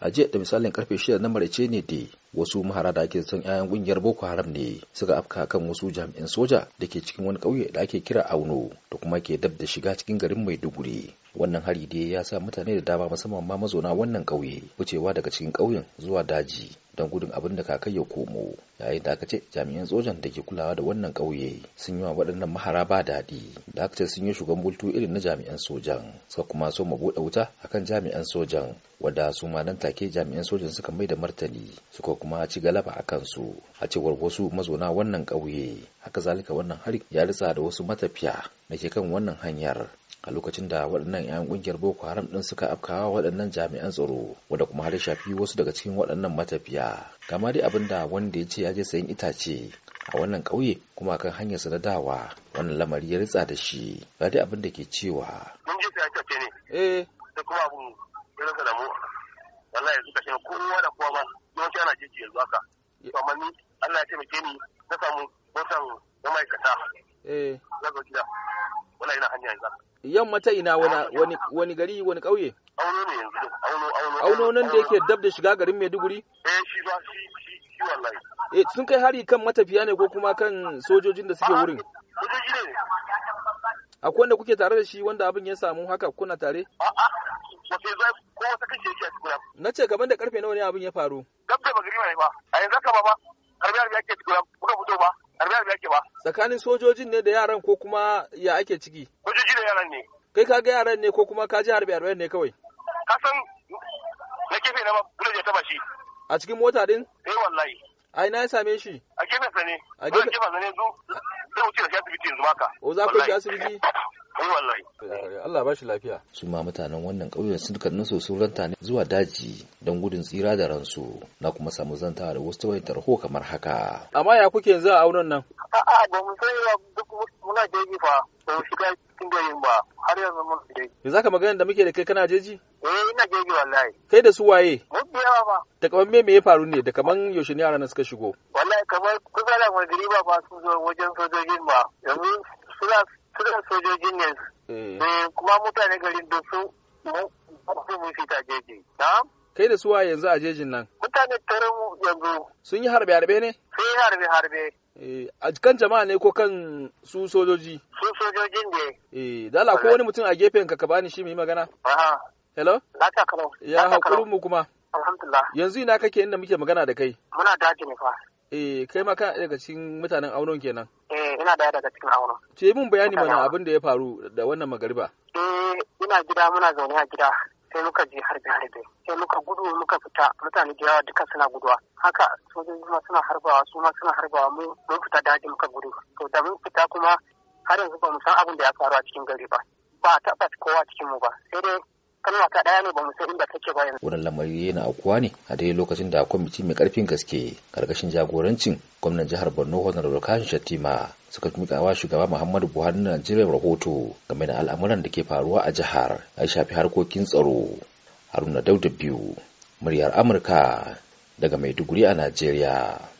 a jiya da misalin karfe shida na maraice ne da wasu mahara da ake son 'ya'yan kungiyar boko haram ne suka afka kan wasu jami'an soja da ke cikin wani kauye da ake kira auno da kuma ke dab da shiga cikin garin maiduguri wannan hari dai ya sa mutane da dama musamman ma mazauna wannan ƙauye wucewa daga cikin ƙauyen zuwa daji don gudun abin da kakai ya komo yayin da aka ce jami'an sojan da ke kulawa da wannan ƙauye sun yi wa waɗannan mahara ba daɗi da aka ce sun yi shugan bultu irin na jami'an sojan suka kuma so mu buɗe wuta akan jami'an sojan wadda su ma nan take jami'an sojan suka mai da martani suka kuma ci galaba a kansu a cewar wasu mazauna wannan ƙauye haka zalika wannan hari ya ritsa da wasu matafiya da ke kan wannan hanyar a lokacin da waɗannan 'yan ƙungiyar boko haram ɗin suka afkawa waɗannan jami'an tsaro wanda kuma har shafi wasu daga cikin waɗannan matafiya kama dai abin da wanda ya ce ya je sayin itace a wannan ƙauye kuma kan hanyarsa na dawa wannan lamari ya ritsa da shi ga dai abin da ke cewa mun je sayin itace ne eh da kuma abu ya rasa da mu wallahi suka kashe kowa da kowa ba yawanci ana jeji yanzu haka to amma ni Allah ya taimake ni na samu motar na ma'aikata eh zaka zo gida wallahi ina hanya yanzu haka yamma ta ina wani wani gari wani ƙauye auno ne yanzu auno nan da yake dab da shiga garin Maiduguri eh shi ba shi shi wallahi eh sun kai hari kan matafiya ne ko kuma kan sojojin da suke wurin sojoji ne akwai wanda kuke tare da shi wanda abin ya samu haka kuna tare a'a na ce gaban da karfe nawa ne abin ya faru gab da magriba ne ba a yanzu ka ba ba Karbi arbi yake cikin kuka fito ba Karbi arbi yake ba tsakanin sojojin ne da yaran ko kuma ya ake ciki da yaran ne kai ka ga yaran ne ko kuma ka ji harbi harbi ne kawai ka san na kefe na bullet ya taba shi a cikin mota din eh wallahi ai na same shi a kefe sa ne a kefe sa ne zu zai wuce da shi asibiti yanzu maka o za ku shi asibiti eh, Allah ba shi lafiya. Su ma mutanen wannan ƙauyen sun kan naso sun ranta ne zuwa daji don gudun tsira da ransu. Na kuma samu zanta da wasu tawayin tarho kamar haka. Amma ya kuke yanzu a aunan nan? A'a ba mu sai muna jeji fa. Ba mu shiga sun yin ba har yanzu mun dai yanzu ka magana da muke da kai kana jeji eh ina jeji wallahi kai da su waye mun biya ba da kaman me me ya faru ne da kaman yaushe ne yaran suka shigo wallahi kamar kusa da magriba ba su zo wajen sojojin ba yanzu suna suna sojojin ne Eh, eh kuma mutane garin da su mun fita jeji na'am kai da su waye yanzu a jejin nan mutane tare mu yanzu sun yi harbe harbe ne sun yi harbe harbe Eh, a kan jama'a ne ko kan su sojoji su sojojin ne eh dala ko wani mutum a gefen ka ka bani shi mu yi magana a'a hello lafiya kalau ya hakuri mu kuma alhamdulillah yanzu ina kake inda muke magana da kai muna daji ne fa eh kai ma kana daga cikin mutanen aunon kenan eh ina daya daga cikin aunon ce mun bayani mana abin da ya faru da wannan magariba eh ina gida muna zaune a gida sai muka je harbe harbe sai muka gudu muka fita mutane da yawa duka suna guduwa haka sojoji ma suna harbawa su ma suna harbawa mu mun fita daji muka gudu to da mun fita kuma har yanzu ba mu san abin da ya faru a cikin gari ba ba a taɓa kowa cikin mu ba sai dai kalma ta ne ba mu san inda take ba yanzu. lamari yana akuwa ne a dai lokacin da kwamiti mai karfin gaske karkashin jagorancin gwamnan jihar Borno Honorable Kashin Shattima suka mika wa shugaba Muhammadu Buhari na Najeriya rahoto game da al'amuran da ke faruwa a jihar a shafi harkokin tsaro. Haruna Dauda biyu muryar Amurka daga Maiduguri a Najeriya.